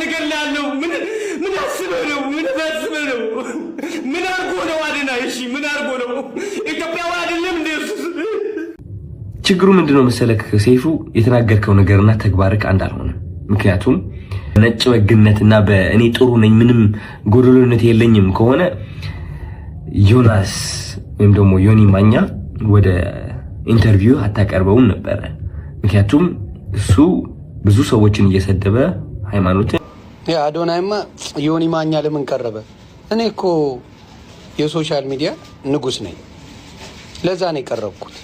ምን ምን ነው? ምን ነው? ምን አርጎ ነው? አድና። እሺ ምን አርጎ ነው? ኢትዮጵያዊ አይደለም ችግሩ ምንድነው መሰለክ ሰይፉ፣ የተናገርከው ነገርና ተግባርክ አንድ አልሆነ። ምክንያቱም ነጭ በግነትና በእኔ ጥሩ ነኝ ምንም ጎደሎነት የለኝም ከሆነ ዮናስ ወይም ደግሞ ዮኒ ማኛ ወደ ኢንተርቪው አታቀርበውም ነበረ። ምክንያቱም እሱ ብዙ ሰዎችን እየሰደበ ሃይማኖትን አዶናይማ ዮኒ ማኛ ለምን ቀረበ? እኔ እኮ የሶሻል ሚዲያ ንጉስ ነኝ። ለዛ ነው የቀረብኩት።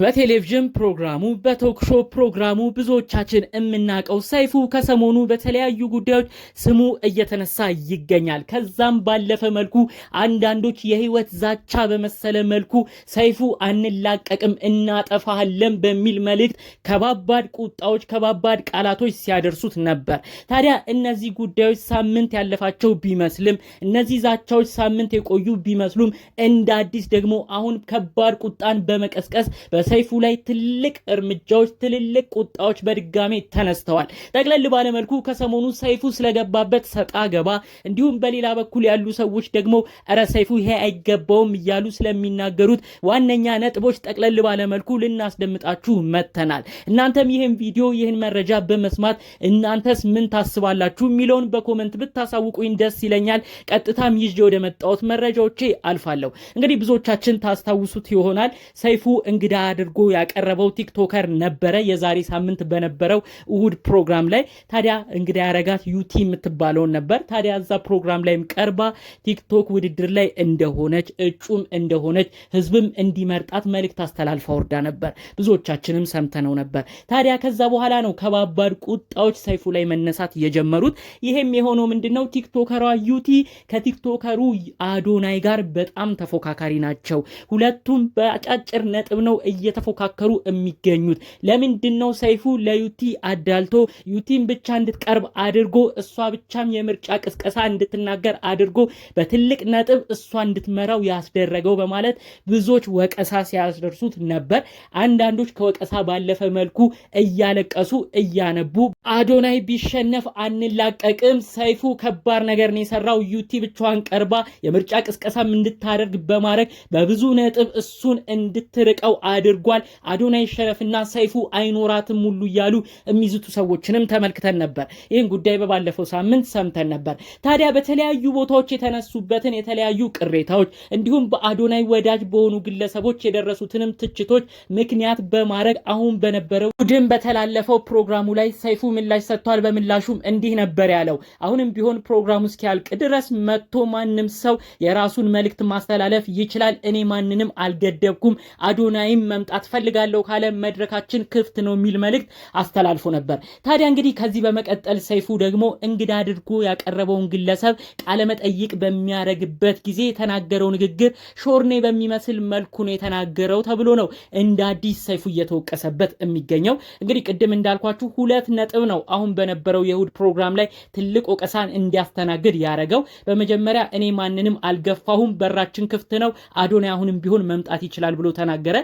በቴሌቪዥን ፕሮግራሙ በቶክሾ ፕሮግራሙ ብዙዎቻችን የምናውቀው ሰይፉ ከሰሞኑ በተለያዩ ጉዳዮች ስሙ እየተነሳ ይገኛል። ከዛም ባለፈ መልኩ አንዳንዶች የህይወት ዛቻ በመሰለ መልኩ ሰይፉ አንላቀቅም፣ እናጠፋሃለን በሚል መልእክት ከባባድ ቁጣዎች፣ ከባባድ ቃላቶች ሲያደርሱት ነበር። ታዲያ እነዚህ ጉዳዮች ሳምንት ያለፋቸው ቢመስልም እነዚህ ዛቻዎች ሳምንት የቆዩ ቢመስሉም እንደ አዲስ ደግሞ አሁን ከባድ ቁጣን በመቀስቀስ ሰይፉ ላይ ትልቅ እርምጃዎች፣ ትልልቅ ቁጣዎች በድጋሜ ተነስተዋል። ጠቅለል ባለመልኩ ከሰሞኑ ሰይፉ ስለገባበት ሰጣ ገባ እንዲሁም በሌላ በኩል ያሉ ሰዎች ደግሞ እረ ሰይፉ ይሄ አይገባውም እያሉ ስለሚናገሩት ዋነኛ ነጥቦች ጠቅለል ባለመልኩ ልናስደምጣችሁ መጥተናል። እናንተም ይህን ቪዲዮ ይህን መረጃ በመስማት እናንተስ ምን ታስባላችሁ የሚለውን በኮመንት ብታሳውቁኝ ደስ ይለኛል። ቀጥታም ይዤ ወደ መጣሁት መረጃዎቼ አልፋለሁ። እንግዲህ ብዙዎቻችን ታስታውሱት ይሆናል ሰይፉ እንግዳ አድርጎ ያቀረበው ቲክቶከር ነበረ የዛሬ ሳምንት በነበረው እሁድ ፕሮግራም ላይ ታዲያ እንግዳ ያረጋት ዩቲ የምትባለውን ነበር። ታዲያ እዛ ፕሮግራም ላይም ቀርባ ቲክቶክ ውድድር ላይ እንደሆነች እጩም እንደሆነች ህዝብም እንዲመርጣት መልእክት አስተላልፋ ወርዳ ነበር። ብዙዎቻችንም ሰምተነው ነበር። ታዲያ ከዛ በኋላ ነው ከባባድ ቁጣዎች ሰይፉ ላይ መነሳት የጀመሩት። ይሄም የሆነው ምንድነው ቲክቶከሯ ዩቲ ከቲክቶከሩ አዶናይ ጋር በጣም ተፎካካሪ ናቸው። ሁለቱም በአጫጭር ነጥብ ነው እየተፎካከሩ የሚገኙት ለምንድን ነው? ሰይፉ ለዩቲ አዳልቶ ዩቲን ብቻ እንድትቀርብ አድርጎ እሷ ብቻም የምርጫ ቅስቀሳ እንድትናገር አድርጎ በትልቅ ነጥብ እሷ እንድትመራው ያስደረገው በማለት ብዙዎች ወቀሳ ሲያስደርሱት ነበር። አንዳንዶች ከወቀሳ ባለፈ መልኩ እያለቀሱ እያነቡ አዶናይ ቢሸነፍ አንላቀቅም፣ ሰይፉ ከባድ ነገር ነው የሰራው፣ ዩቲ ብቻዋን ቀርባ የምርጫ ቅስቀሳም እንድታደርግ በማድረግ በብዙ ነጥብ እሱን እንድትርቀው አድርጎ አድርጓል። አዶናይ ሸረፍና ሰይፉ አይኖራትም ሁሉ እያሉ የሚዝቱ ሰዎችንም ተመልክተን ነበር። ይህን ጉዳይ በባለፈው ሳምንት ሰምተን ነበር። ታዲያ በተለያዩ ቦታዎች የተነሱበትን የተለያዩ ቅሬታዎች እንዲሁም በአዶናይ ወዳጅ በሆኑ ግለሰቦች የደረሱትንም ትችቶች ምክንያት በማድረግ አሁን በነበረው ቡድን በተላለፈው ፕሮግራሙ ላይ ሰይፉ ምላሽ ሰጥቷል። በምላሹም እንዲህ ነበር ያለው። አሁንም ቢሆን ፕሮግራሙ እስኪያልቅ ድረስ መጥቶ ማንም ሰው የራሱን መልእክት ማስተላለፍ ይችላል። እኔ ማንንም አልገደብኩም። አዶናይም መምጣት ፈልጋለሁ ካለ መድረካችን ክፍት ነው የሚል መልእክት አስተላልፎ ነበር። ታዲያ እንግዲህ ከዚህ በመቀጠል ሰይፉ ደግሞ እንግዳ አድርጎ ያቀረበውን ግለሰብ ቃለመጠይቅ በሚያደርግበት ጊዜ የተናገረው ንግግር ሾርኔ በሚመስል መልኩ ነው የተናገረው ተብሎ ነው እንደ አዲስ ሰይፉ እየተወቀሰበት የሚገኘው። እንግዲህ ቅድም እንዳልኳችሁ ሁለት ነጥብ ነው አሁን በነበረው የእሁድ ፕሮግራም ላይ ትልቅ ወቀሳን እንዲያስተናግድ ያደረገው። በመጀመሪያ እኔ ማንንም አልገፋሁም፣ በራችን ክፍት ነው፣ አዶናይ አሁንም ቢሆን መምጣት ይችላል ብሎ ተናገረ።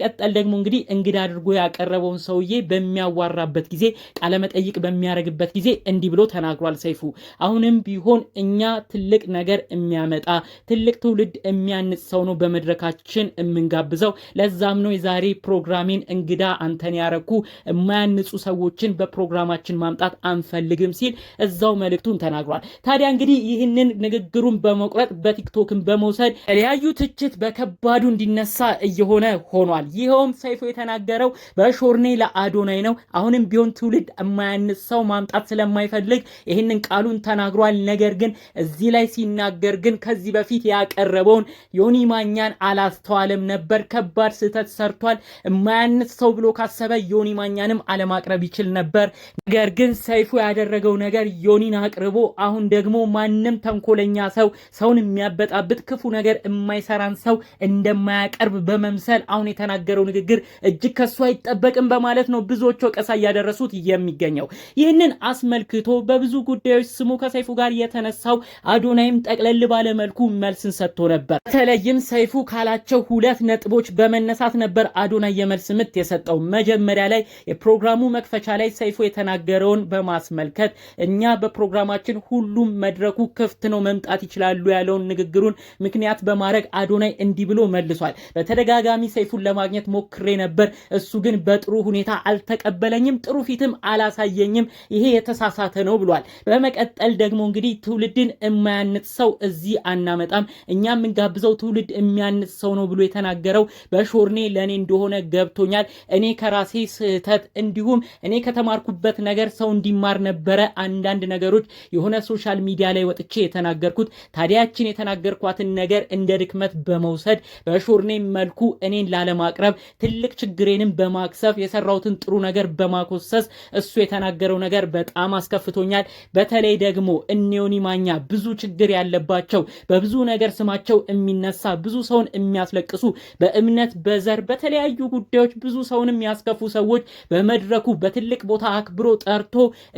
በመቀጠል ደግሞ እንግዲህ እንግዳ አድርጎ ያቀረበውን ሰውዬ በሚያዋራበት ጊዜ ቃለመጠይቅ በሚያደርግበት ጊዜ እንዲህ ብሎ ተናግሯል ሰይፉ። አሁንም ቢሆን እኛ ትልቅ ነገር የሚያመጣ ትልቅ ትውልድ የሚያንጽ ሰው ነው በመድረካችን የምንጋብዘው። ለዛም ነው የዛሬ ፕሮግራሜን እንግዳ አንተን ያረኩ የማያንጹ ሰዎችን በፕሮግራማችን ማምጣት አንፈልግም ሲል እዛው መልእክቱን ተናግሯል። ታዲያ እንግዲህ ይህንን ንግግሩን በመቁረጥ በቲክቶክን በመውሰድ የተለያዩ ትችት በከባዱ እንዲነሳ እየሆነ ሆኗል። ይኸውም ሰይፉ የተናገረው በሾርኔ ለአዶናይ ነው። አሁንም ቢሆን ትውልድ የማያንስ ሰው ማምጣት ስለማይፈልግ ይህንን ቃሉን ተናግሯል። ነገር ግን እዚህ ላይ ሲናገር ግን ከዚህ በፊት ያቀረበውን ዮኒ ማኛን አላስተዋለም ነበር። ከባድ ስህተት ሰርቷል። የማያንስ ሰው ብሎ ካሰበ ዮኒ ማኛንም አለማቅረብ ይችል ነበር። ነገር ግን ሰይፉ ያደረገው ነገር ዮኒን አቅርቦ አሁን ደግሞ ማንም ተንኮለኛ ሰው፣ ሰውን የሚያበጣብጥ ክፉ ነገር የማይሰራን ሰው እንደማያቀርብ በመምሰል አሁን የተናገ የተናገረው ንግግር እጅግ ከሱ አይጠበቅም በማለት ነው ብዙዎች ወቀሳ እያደረሱት የሚገኘው። ይህንን አስመልክቶ በብዙ ጉዳዮች ስሙ ከሰይፉ ጋር የተነሳው አዶናይም ጠቅለል ባለመልኩ መልስን ሰጥቶ ነበር። በተለይም ሰይፉ ካላቸው ሁለት ነጥቦች በመነሳት ነበር አዶናይ የመልስ ምት የሰጠው። መጀመሪያ ላይ የፕሮግራሙ መክፈቻ ላይ ሰይፉ የተናገረውን በማስመልከት እኛ በፕሮግራማችን ሁሉም መድረኩ ክፍት ነው መምጣት ይችላሉ ያለውን ንግግሩን ምክንያት በማድረግ አዶናይ እንዲህ ብሎ መልሷል። በተደጋጋሚ ሰይፉን ለማ ለማግኘት ሞክሬ ነበር። እሱ ግን በጥሩ ሁኔታ አልተቀበለኝም፣ ጥሩ ፊትም አላሳየኝም። ይሄ የተሳሳተ ነው ብሏል። በመቀጠል ደግሞ እንግዲህ ትውልድን የማያንጽ ሰው እዚህ አናመጣም፣ እኛ የምንጋብዘው ትውልድ የሚያንጽ ሰው ነው ብሎ የተናገረው በሾርኔ ለእኔ እንደሆነ ገብቶኛል። እኔ ከራሴ ስህተት እንዲሁም እኔ ከተማርኩበት ነገር ሰው እንዲማር ነበረ አንዳንድ ነገሮች የሆነ ሶሻል ሚዲያ ላይ ወጥቼ የተናገርኩት ታዲያችን የተናገርኳትን ነገር እንደ ድክመት በመውሰድ በሾርኔ መልኩ እኔን ላለማ በማቅረብ ትልቅ ችግሬንም በማክሰፍ የሰራሁትን ጥሩ ነገር በማኮሰስ እሱ የተናገረው ነገር በጣም አስከፍቶኛል። በተለይ ደግሞ እኔውን ማኛ ብዙ ችግር ያለባቸው በብዙ ነገር ስማቸው የሚነሳ ብዙ ሰውን የሚያስለቅሱ በእምነት በዘር በተለያዩ ጉዳዮች ብዙ ሰውን የሚያስከፉ ሰዎች በመድረኩ በትልቅ ቦታ አክብሮ ጠርቶ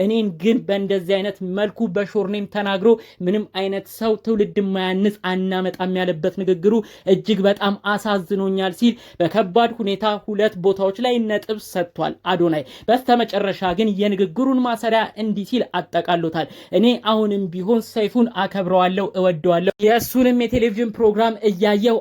እኔን ግን በእንደዚህ አይነት መልኩ በሾርኔም ተናግሮ ምንም አይነት ሰው ትውልድ ማያንስ አናመጣም ያለበት ንግግሩ እጅግ በጣም አሳዝኖኛል ሲል በከባድ ሁኔታ ሁለት ቦታዎች ላይ ነጥብ ሰጥቷል አዶናይ። በስተመጨረሻ ግን የንግግሩን ማሰሪያ እንዲህ ሲል አጠቃሎታል። እኔ አሁንም ቢሆን ሰይፉን አከብረዋለሁ፣ እወደዋለሁ። የእሱንም የቴሌቪዥን ፕሮግራም እያየው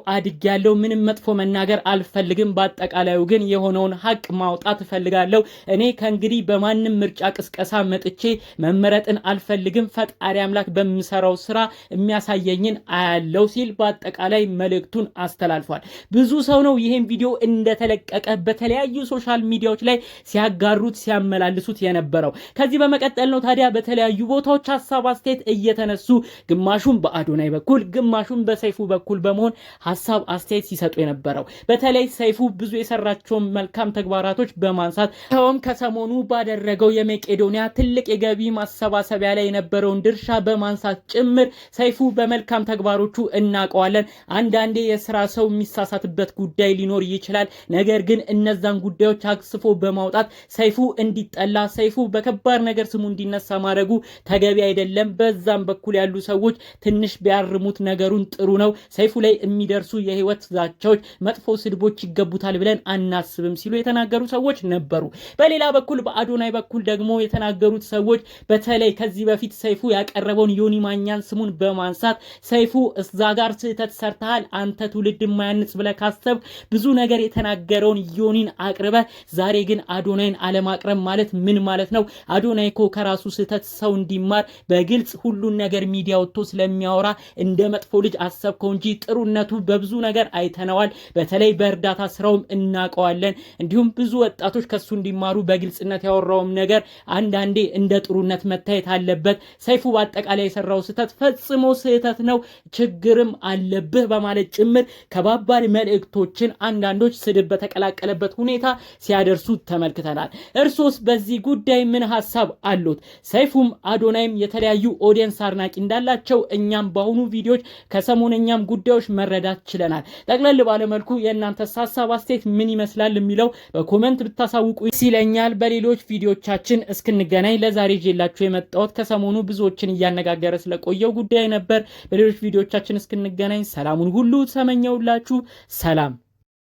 ያለው ምንም መጥፎ መናገር አልፈልግም። በአጠቃላዩ ግን የሆነውን ሀቅ ማውጣት እፈልጋለሁ። እኔ ከእንግዲህ በማንም ምርጫ ቅስቀሳ መጥቼ መመረጥን አልፈልግም። ፈጣሪ አምላክ በምሰራው ስራ የሚያሳየኝን አያለው ሲል በአጠቃላይ መልእክቱን አስተላልፏል። ብዙ ሰው ነው ይህን ቪዲዮ ቪዲዮ እንደተለቀቀ በተለያዩ ሶሻል ሚዲያዎች ላይ ሲያጋሩት ሲያመላልሱት የነበረው። ከዚህ በመቀጠል ነው ታዲያ በተለያዩ ቦታዎች ሀሳብ አስተያየት እየተነሱ ግማሹም በአዶናይ በኩል ግማሹም በሰይፉ በኩል በመሆን ሀሳብ አስተያየት ሲሰጡ የነበረው። በተለይ ሰይፉ ብዙ የሰራቸውን መልካም ተግባራቶች በማንሳት ሰውም ከሰሞኑ ባደረገው የመቄዶንያ ትልቅ የገቢ ማሰባሰቢያ ላይ የነበረውን ድርሻ በማንሳት ጭምር ሰይፉ በመልካም ተግባሮቹ እናውቀዋለን። አንዳንዴ የስራ ሰው የሚሳሳትበት ጉዳይ ሊኖር ይችላል። ነገር ግን እነዛን ጉዳዮች አግስፎ በማውጣት ሰይፉ እንዲጠላ፣ ሰይፉ በከባድ ነገር ስሙ እንዲነሳ ማድረጉ ተገቢ አይደለም። በዛም በኩል ያሉ ሰዎች ትንሽ ቢያርሙት ነገሩን ጥሩ ነው። ሰይፉ ላይ የሚደርሱ የህይወት ዛቻዎች፣ መጥፎ ስድቦች ይገቡታል ብለን አናስብም ሲሉ የተናገሩ ሰዎች ነበሩ። በሌላ በኩል በአዶናይ በኩል ደግሞ የተናገሩት ሰዎች በተለይ ከዚህ በፊት ሰይፉ ያቀረበውን ዮኒ ማኛን ስሙን በማንሳት ሰይፉ እዛ ጋር ስህተት ሰርተሃል አንተ ትውልድ የማያንጽ ብለህ ካሰብ ብዙ ነገር ነገር የተናገረውን ዮኒን አቅርበ ዛሬ ግን አዶናይን አለማቅረብ ማለት ምን ማለት ነው? አዶናይ እኮ ከራሱ ስህተት ሰው እንዲማር በግልጽ ሁሉን ነገር ሚዲያ ወጥቶ ስለሚያወራ እንደ መጥፎ ልጅ አሰብከው እንጂ ጥሩነቱ በብዙ ነገር አይተነዋል። በተለይ በእርዳታ ስራውም እናውቀዋለን። እንዲሁም ብዙ ወጣቶች ከሱ እንዲማሩ በግልጽነት ያወራውም ነገር አንዳንዴ እንደ ጥሩነት መታየት አለበት። ሰይፉ በአጠቃላይ የሰራው ስህተት ፈጽሞ ስህተት ነው፣ ችግርም አለብህ በማለት ጭምር ከባባድ መልእክቶችን አንዳንዱ አንዳንዶች ስድብ በተቀላቀለበት ሁኔታ ሲያደርሱ ተመልክተናል። እርሶስ በዚህ ጉዳይ ምን ሀሳብ አሉት? ሰይፉም አዶናይም የተለያዩ ኦዲየንስ አድናቂ እንዳላቸው እኛም በአሁኑ ቪዲዮዎች ከሰሞነኛም ጉዳዮች መረዳት ችለናል። ጠቅለል ባለመልኩ የእናንተስ ሀሳብ አስተያየት ምን ይመስላል የሚለው በኮመንት ብታሳውቁ ሲለኛል። በሌሎች ቪዲዮቻችን እስክንገናኝ ለዛሬ ጄላችሁ የመጣሁት ከሰሞኑ ብዙዎችን እያነጋገረ ስለቆየው ጉዳይ ነበር። በሌሎች ቪዲዮቻችን እስክንገናኝ ሰላሙን ሁሉ ሰመኘውላችሁ። ሰላም